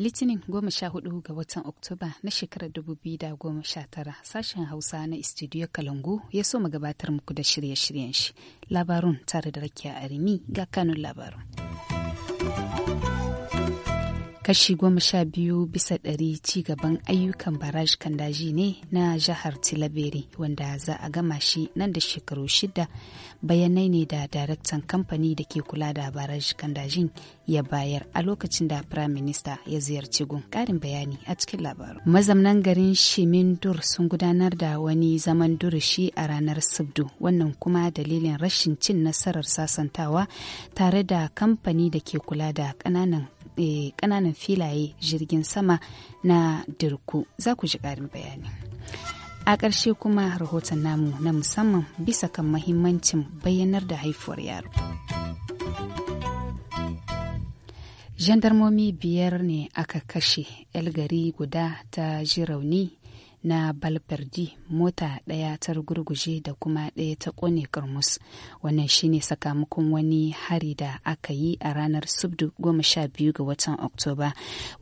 Litinin goma sha hudu ga watan Oktoba na shekarar dubu biyu da goma sha tara sashen Hausa na Studio Kalangu ya so gabatar muku da shirye-shiryen shi. Labarun tare da rakiya arimi ga kanun labarun. kashi goma sha biyu bisa ɗari ci gaban ayyukan baraj kandaji ne na jihar tilaberi wanda za a gama shi nan da shekaru shida bayanai ne da daraktan kamfani da ke kula da baraj kandajin ya bayar a lokacin da prime minister ya ziyarci gun ƙarin bayani a cikin labaru mazamnan garin shimin dur sun gudanar da wani zaman durushi a ranar subdu wannan kuma dalilin rashin cin nasarar sasantawa tare da kamfani da ke kula da ƙananan kananan eh, filaye jirgin sama na dirku za ku ji ƙarin bayani a ƙarshe kuma rahoton namu na musamman bisa kan mahimmancin bayyanar da haifuwar yaro jandarmomi biyar ne aka kashe yalgari guda ta ji rauni na balbardi mota ɗaya ta gurguje da kuma ɗaya ta ƙone karmus wannan shine sakamakon wani hari da aka yi a ranar subdu goma sha biyu ga watan oktoba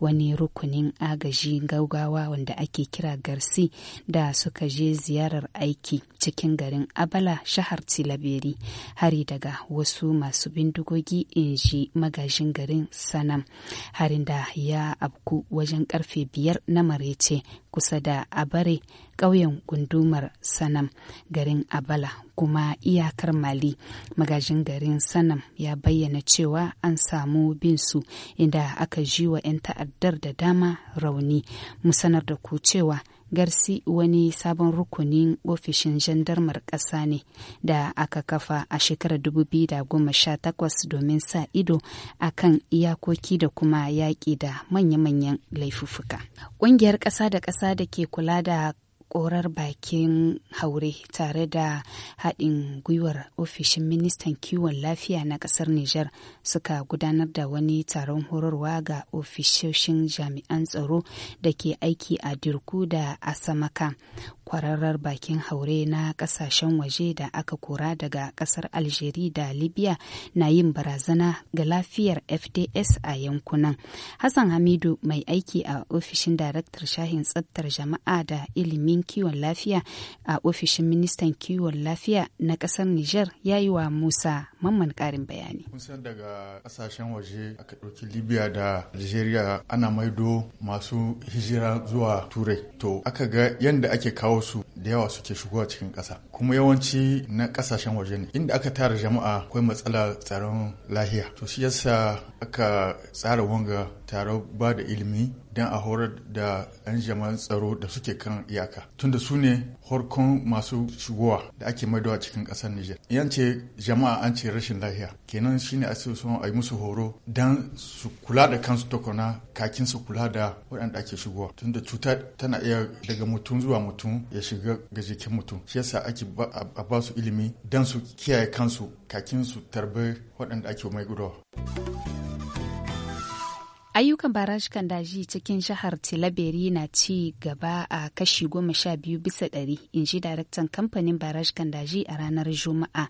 wani rukunin agaji gaugawa wanda ake kira garsi da suka je ziyarar aiki cikin garin abala shahar tilaberi hari daga wasu masu bindigogi in ji magajin garin sanam harin da ya abku wajen karfe biyar na marece kusa da abare ƙauyen gundumar sanam garin abala kuma iyakar mali magajin garin sanam ya bayyana cewa an samu binsu inda aka ji wa 'yan ta'addar da dama rauni mu sanar da ku cewa garsi wani sabon rukunin ofishin jandarmar ƙasa ne da aka kafa a shekarar 2018 domin sa ido a kan iyakoki da kuma yaƙi da manya-manyan laifuffuka ƙungiyar ƙasa da ƙasa da ke kula da korar bakin haure tare da haɗin gwiwar ofishin ministan kiwon lafiya na ƙasar Nijar suka gudanar da wani taron horarwa ga ofishoshin jami'an tsaro da ke aiki a Dirku da Asamaka kwararar bakin haure na kasashen waje da aka kora daga kasar algeria da libya na yin barazana ga lafiyar fds a yankunan hassan hamidu mai aiki a ofishin daraktar shahin tsattar jama'a da ilimin kiwon lafiya a ofishin ministan kiwon lafiya na kasar nijar ya yi wa musa mamman karin bayani kusan daga kasashen waje aka ɗauki libya da algeria ana maido masu hijira zuwa turai to aka ga yadda ake kawo wasu da yawa suke shigowa cikin ƙasa kuma yawanci na ƙasashen waje ne inda aka tara jama'a akwai matsala tsaron lahiya to shi yasa aka tsara wanga taro ba da ilimi don a horar da 'yan jama'an tsaro da suke kan iyaka tunda su ne horkon masu shigowa da ake maidawa cikin kasar niger Yan ce jama'a an ce rashin lafiya kenan shine a ce son a yi musu horo don su kula da kansu tokona kakin su kula da waɗanda ake shigowa tunda cuta tana iya daga mutum zuwa mutum ya shiga ga jikin mutum shi yasa ake a ba su ilimi don su kiyaye kansu kakin su tarbe waɗanda ake mai gudawa. Ayyukan barashikan daji cikin jihar Tilaberi na ci gaba a kashi goma sha biyu bisa ɗari, in ji daraktan kamfanin barashikan daji a ranar Juma'a.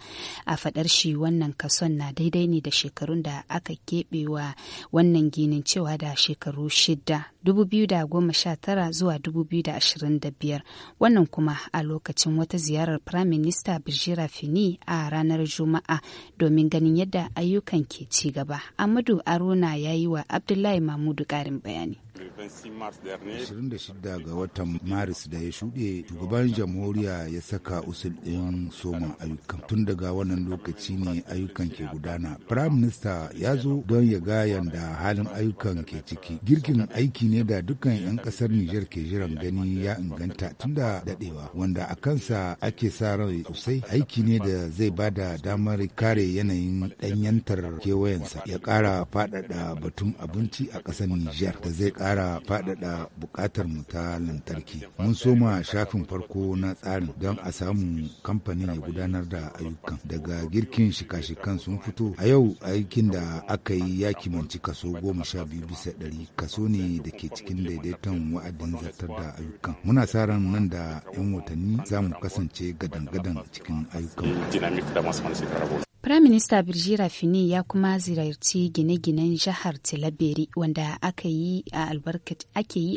A faɗar shi wannan kason na daidai ne da shekarun da aka keɓewa wannan ginin cewa da shekaru shida, dubu biyu da goma sha tara zuwa dubu biyu da ashirin da biyar. Wannan kuma a lokacin wata ziyarar Prime Minister Birjira Fini a ranar Juma'a domin ganin yadda ayyukan ke ci gaba. Amadu Aruna ya yi wa Abdullahi Maryam Mahmudu ƙarin bayani. 26 ga watan Maris da ya shuɗe, shugaban jamhuriya ya saka usul ɗin soma ayyukan. Tun daga wannan lokaci ne ayyukan ke gudana. Prime Minister ya zo don ya ga yanda halin ayyukan ke ciki. Girkin aiki ne da dukkan 'yan ƙasar Nijar ke jiran gani ya inganta tun da daɗewa, wanda a kansa ake sa rai sosai. Aiki ne da zai ba da damar kare yanayin ɗanyantar kewayensa ya ƙara faɗaɗa batun abinci a ƙasar Nijar da zai ƙara yara faɗaɗa buƙatar mu ta lantarki. Mun soma shafin farko na tsarin don a samu kamfanin ya gudanar da ayyukan. Daga girkin shika-shikan sun fito a yau aikin da aka yi ya kimanci kaso goma sha biyu bisa ɗari kaso ne da ke cikin daidaiton wa'adin zartar da ayyukan. Muna sa ran nan da 'yan watanni za mu kasance gadan-gadan cikin ayyukan. Firaminista Birji Rafini ya kuma ziyarci gine-ginen jihar Tilaberi wanda ake yi a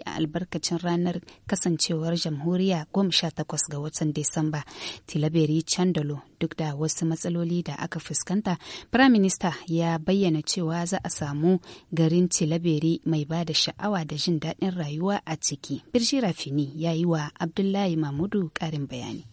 albarkacin ranar kasancewar jamhuriya 18 ga watan Disamba. Tilaberi Chandolo duk da wasu matsaloli da aka fuskanta, Firaminista ya bayyana cewa za a samu garin Tilaberi mai ba da sha'awa da jin daɗin rayuwa a ciki. Birji Rafini ya yi wa Abdullahi mamudu ƙarin bayani.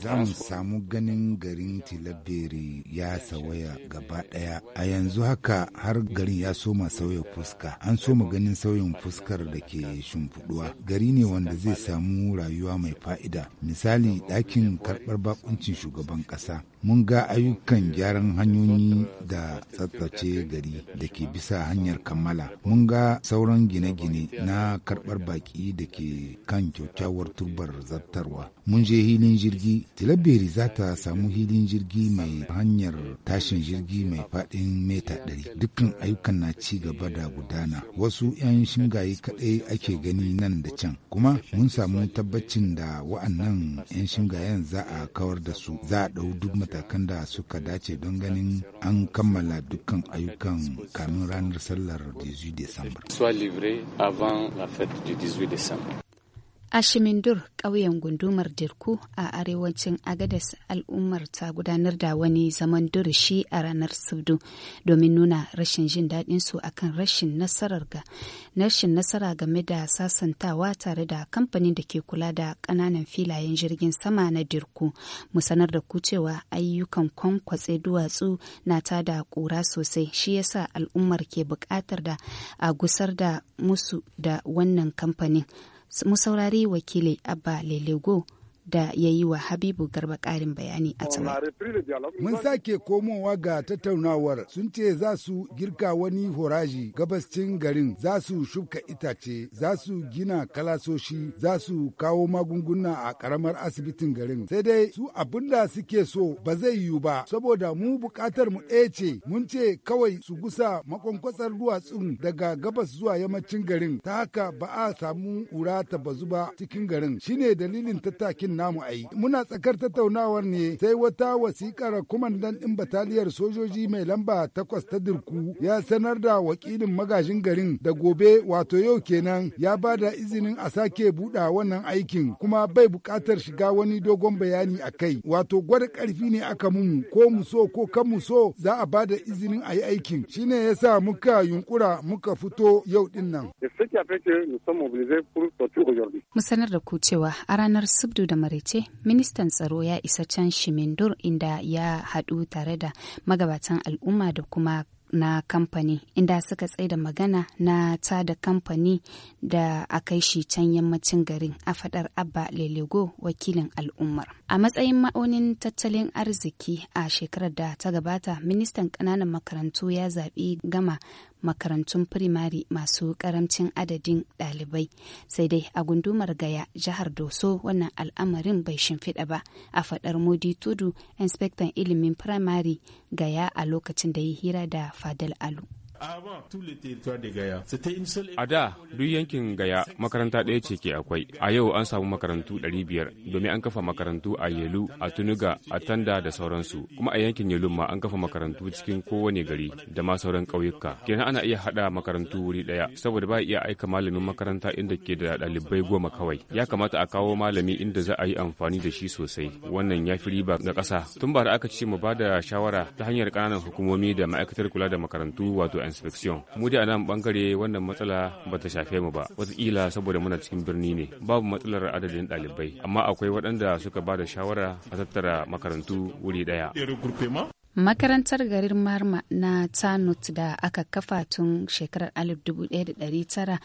Za samu ganin garin tilabere ya sawaya gaba ɗaya a yanzu haka har garin ya soma sauya fuska an soma ganin sauyin fuskar da ke shimfiɗuwa gari ne wanda zai samu rayuwa mai fa'ida misali dakin karɓar bakuncin shugaban ƙasa mun ga ayyukan gyaran hanyoyi da tsattsace gari da ke bisa hanyar kammala mun ga sauran gine-gine na karɓar baƙi da ke kan kyaukyawar turbar zartarwa mun je hilin jirgi tilabiri za ta samu hilin jirgi mai hanyar tashin jirgi mai faɗin meta ɗari dukkan ayyukan na ci gaba da gudana wasu 'yan shingaye kaɗai ake gani nan da can kuma mun samu tabbacin da wa'annan 'yan shingayen za a kawar da su za a ɗau duk matakan da suka dace don ganin an kammala dukkan ayyukan kamin ranar sallar 18 Desambar. Ashimindur ƙauyen gundumar Dirku a arewacin Agadas al'ummar ta gudanar da wani zaman durishi a ranar Subdu domin nuna rashin jin daɗin su akan rashin nasarar ga rashin nasara game da sasantawa tare da kamfanin da ke kula da ƙananan filayen jirgin sama na Dirku. Mu sanar da ku cewa ayyukan kwankwatse duwatsu na ta da ƙura sosai shi yasa al'ummar ke buƙatar da a gusar da musu da wannan kamfanin. mu saurari wakili abba lelego da ya yi wa Habibu Garba ƙarin bayani a can Mun sake komowa ga tattaunawar sun ce za su girka wani horaji Gabas cin garin za su shuka itace za su gina kalasoshi za su kawo magunguna a karamar asibitin garin sai dai su abinda suke so ba zai yiwu ba saboda mu buƙatar mu ɗaya ce mun ce kawai su gusa makonkwasar duwatsun daga gabas zuwa yammacin garin ta haka ba a samu ƙura ta bazu ba cikin garin shine dalilin tattakin namu a yi. Muna tsakar tattaunawar ne sai wata wasikar kumandan ɗin bataliyar sojoji mai lamba takwas ta dirku ya sanar da wakilin magajin garin da gobe wato yau kenan ya ba da izinin a sake buɗa wannan aikin kuma bai buƙatar shiga wani dogon bayani a kai. Wato gwada ƙarfi ne aka mu ko mu so ko kan mu so za a ba da izinin a yi aikin. Shine ya sa muka yunkura muka fito yau ɗin nan. Mu sanar da ku cewa a ranar Subdu da maraice ministan tsaro ya isa can shimindur inda ya haɗu tare da magabatan al'umma da kuma na kamfani inda suka da magana na ta da kamfani da a kai shi can yammacin garin a fadar abba lelego wakilin al'ummar a matsayin ma'aunin tattalin arziki a shekarar da ta gabata ministan ƙananan makarantu ya zaɓi gama makarantun firimari masu karamcin adadin ɗalibai sai dai a gundumar gaya jihar doso wannan al'amarin bai shimfiɗa ba a faɗar modi tudu inspektan ilimin firimari gaya a lokacin da ya hira da fadal alu. A da duk yankin Gaya makaranta ɗaya ce ke akwai. A yau an samu makarantu 500 domin an kafa makarantu a Yelu, a Tunuga, a Tanda da sauransu. Kuma a yankin Yelu ma an kafa makarantu cikin kowane gari da ma sauran ƙauyuka. Kenan ana iya haɗa makarantu wuri ɗaya saboda ba iya aika malamin makaranta inda ke da ɗalibai goma kawai. Ya kamata a kawo malami inda za a yi amfani da shi sosai. Wannan ya fi riba ga ƙasa. Tun ba da aka ce mu ba da shawara ta hanyar ƙananan hukumomi da ma'aikatar kula da makarantu wato inspection mu dai a nan bangare wannan matsala ba ta shafe mu ba wataƙila saboda muna cikin birni ne babu matsalar adadin ɗalibai amma akwai waɗanda suka ba da shawara a tattara makarantu wuri ɗaya Makarantar garin Marma na Tanut da aka kafa tun shekarar 1944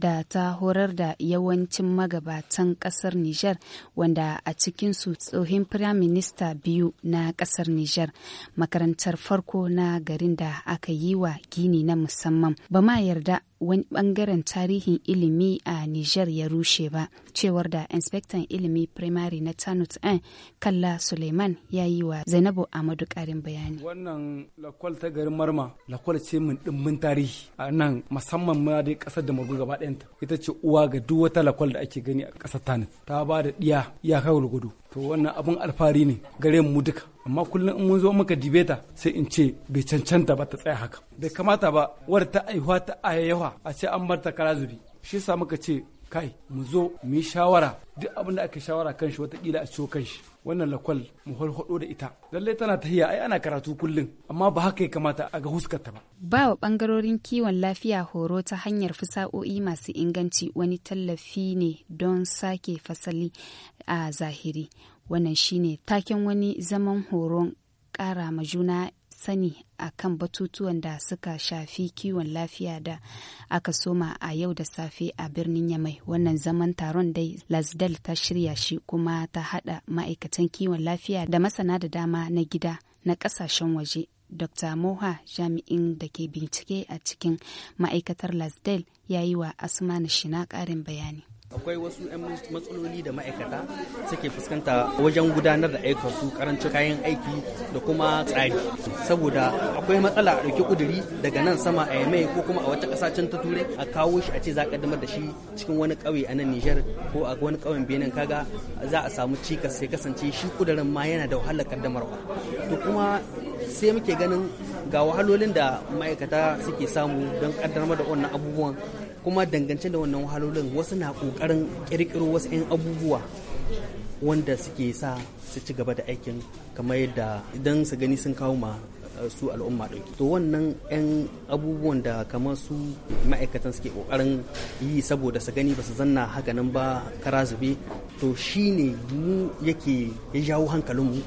da ta horar da yawancin magabatan kasar Nijar wanda a cikin cikinsu tsohin firaminista biyu na kasar Nijar. Makarantar farko na garin da aka yi wa gini na musamman. Ba ma yarda wani bangaren tarihin ilimi a Nijar ya rushe ba, cewar da inspektan ilimi primary na Tanut An Kalla Suleiman ya yi wa Zainabu Amadu karin bayani. Wannan lakwal ta garin Marma, lakwal ce min dimmin tarihi a nan musamman ma dai kasar da Margu gaba ɗayanta. Ita ce uwa ga duk wata lakwal da ake gani a kasar Tanut. Ta ba da ɗiya iyakar gudu. to wannan abun alfari ne gare mu duka amma kullum in mun zo muka dibeta sai in ce bai cancanta ba ta tsaya haka bai kamata ba wadda ta aihuwa ta ayayawa a ce an bar ta kara zubi shi yasa muka ce kai mu zo mu yi shawara duk abin da aka shawara kan shi watakila a ciwo kan shi wannan lakwal mu hulhudo da ita lallai tana tahiya ai ana karatu kullum amma ba haka ya kamata a ga huskarta ba ba wa bangarorin kiwon lafiya horo ta hanyar fasa'o'i masu inganci wani tallafi ne don sake fasali a zahiri wannan shine taken wani zaman horon ƙara ma juna sani a kan batutuwan da suka shafi kiwon lafiya da aka soma a yau da safe a birnin yamai wannan zaman taron dai lasdal ta shirya shi kuma ta hada ma'aikatan kiwon lafiya da masana da dama na gida na kasashen waje dr moha jami'in da ke bincike a cikin ma'aikatar lasdal ya yi wa asmanu shina karin bayani akwai wasu 'yan matsaloli da ma'aikata suke fuskanta wajen gudanar da aikarsu karanci kayan aiki da kuma tsari saboda akwai matsala a ɗauki kuduri daga nan sama a yamai ko kuma a wata ƙasa can ta turai a kawo shi a ce za a kaddamar da shi cikin wani ƙauye a nan Nijar ko a wani ƙauyen Benin kaga za a samu cikas sai kasance shi kudurin ma yana da wahalar kaddamarwa to kuma sai muke ganin ga wahalolin da ma'aikata suke samu don kaddamar da wannan abubuwan kuma dangance da wannan wahalolin wasu na kokarin kirkiro wasu 'yan abubuwa wanda suke sa su ci gaba da aikin kamar yadda idan su gani sun kawo ma Eh, su al'umma ɗauki to wannan yan abubuwan da kamar su ma'aikatan suke ƙoƙarin yi saboda su gani ba su zanna haka nan ba kara zube to shi ne mu yake ya jawo hankalinmu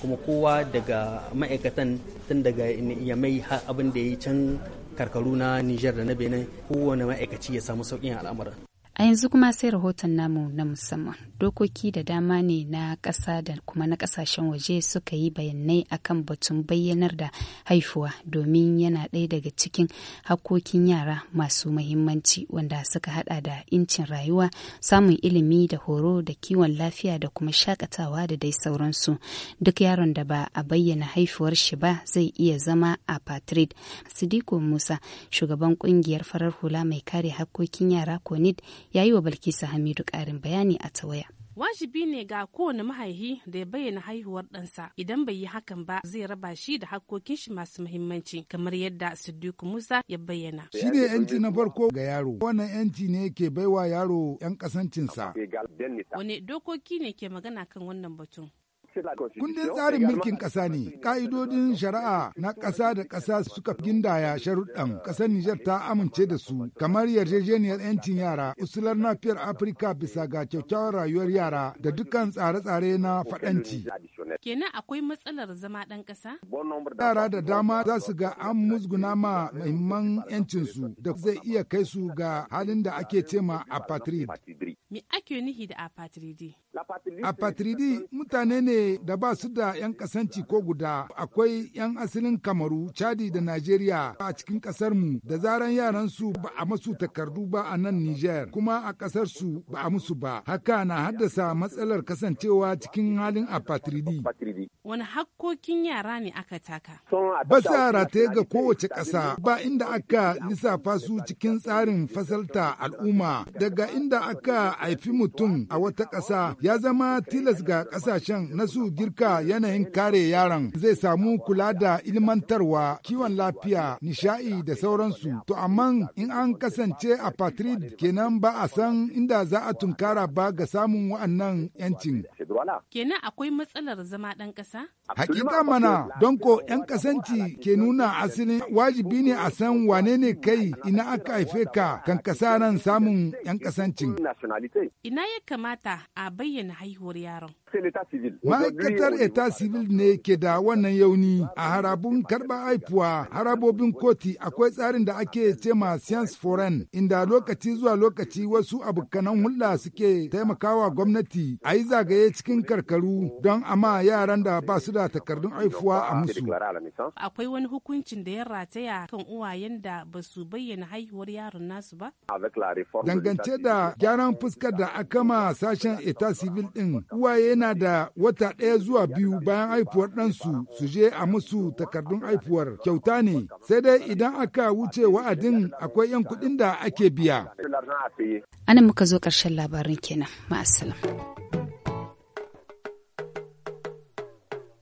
kuma kowa daga ma'aikatan tun daga ya yamai abin da ya yi can karkaru na Nijar da na Benin kowane ma'aikaci ya samu sauƙin al'amuran. A yanzu kuma sai rahoton namu na musamman. Dokoki da dama ne na ƙasa da kuma na ƙasashen waje suka yi bayanai akan batun bayyanar da haifuwa domin yana ɗaya daga cikin hakkokin yara masu mahimmanci wanda suka hada da incin rayuwa, samun ilimi da horo da kiwon lafiya da kuma shakatawa da dai sauransu. Duk yaron da ba a bayyana haifuwar shi ba zai iya zama a patrid. Sidiko Musa, shugaban ƙungiyar farar hula mai kare hakkokin yara Konid ya yi wa Bilkisu Hamidu ƙarin bayani a ta waya. wajibi ne ga kowane mahaihi da ya bayyana haihuwar ɗansa idan bai yi hakan ba zai raba shi da hakkokin shi masu muhimmanci kamar yadda Siddiku Musa ya bayyana. Shi ne yanci na farko ga yaro. Wannan yanci ne ke baiwa yaro yan kasancinsa. Wane dokoki ne ke magana kan wannan batun? Kundin tsarin mulkin ƙasa ne, ƙa'idodin shari'a na ƙasa da ƙasa suka gindaya sharuɗan ƙasar Nijar ta amince da su, kamar yarjejeniyar 'yancin yara, usular nafiyar Afirka bisa ga kyakkyawar rayuwar yara da dukkan tsare-tsare na faɗanci. Kenan akwai matsalar zama ɗan ƙasa? Yara da dama za su ga an musguna ma muhimman 'yancinsu da zai iya kai su ga halin da ake cema apatrid Me ake nihi da apatridi? Apatridi mutane ne da ba su da 'yan kasanci ko guda akwai 'yan asalin Kamaru, Chadi da Najeriya a cikin mu da zaran yaran su ba a masu takardu ba a nan Nijar kuma a ƙasar su ba a musu ba. Haka na haddasa matsalar kasancewa cikin halin apatridi. Wani hakkokin yara ne aka taka? Ba su rataye ga kowace ƙasa ba inda aka lissafa su cikin tsarin fasalta al'umma daga inda aka haifi mutum a wata ƙasa ya zama tilas ga kasashen na su girka yanayin kare yaran. zai samu kula da ilmantarwa kiwon lafiya nisha'i da sauransu to amma in an kasance a patrid kenan ba a san inda za a tunkara ba ga samun wa'annan yancin kenan akwai matsalar zama ɗan ƙasa hakika mana don ko yan kasanci ke nuna asalin wajibi ne a san wane ne kai ina aka haife ka kan kasa nan samun yan ƙasancin ina ya kamata a bayyana bayyana haihuwar yaron Ma'aikatar Eta Civil ne ke da wannan yauni a harabun karba haifuwa harabobin koti akwai tsarin da ake ma Science Foreign inda lokaci zuwa lokaci wasu abokanan hulɗa suke taimakawa gwamnati a yi zagaye cikin karkaru don ama yaran da ba su da takardun haifuwa a musu. Akwai wani hukuncin da ya rataya kan uwayen da ba su bayyana haihuwar yaron nasu ba? Dangance da gyaran fuskar da aka ma sashen Eta Civil ɗin uwaye yana da wata ɗaya zuwa biyu bayan haifuwar ɗansu su je a musu takardun haifuwar kyauta ne sai dai idan aka wuce wa'adin akwai 'yan kuɗin da ake biya. Anan muka zo ƙarshen labarin kenan ma'asalam.